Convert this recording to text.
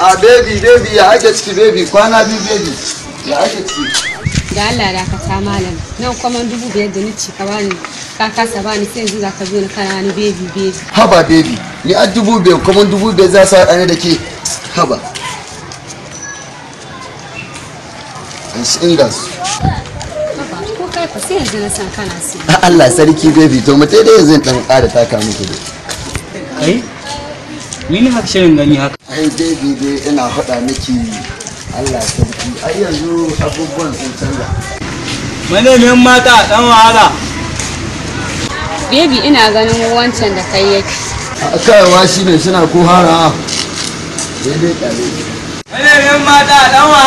a baby baby ya ake ciki baby kwana biyu baby ya ake ciki da Allah da ka ta malam nan kwaman dubu biyar da nici ka bani ka kasa bani sai yanzu za ka zo na kana ni baby baby haba baby ni a dubu biyar kwaman dubu biyar za su haɗa da ke haba an shi inda su a Allah sarki baby to mutai da yanzu dan ƙara taka muku dai kai ni ne haka shirin gani haka kai dai dai ina faɗa miki Allah sarki ai yanzu abubuwan sun canza manemin mata dan wahala baby ina ganin wancan da kai yake kaiwa shi ne suna ko dai daidai ɗale manemin mata dan wahala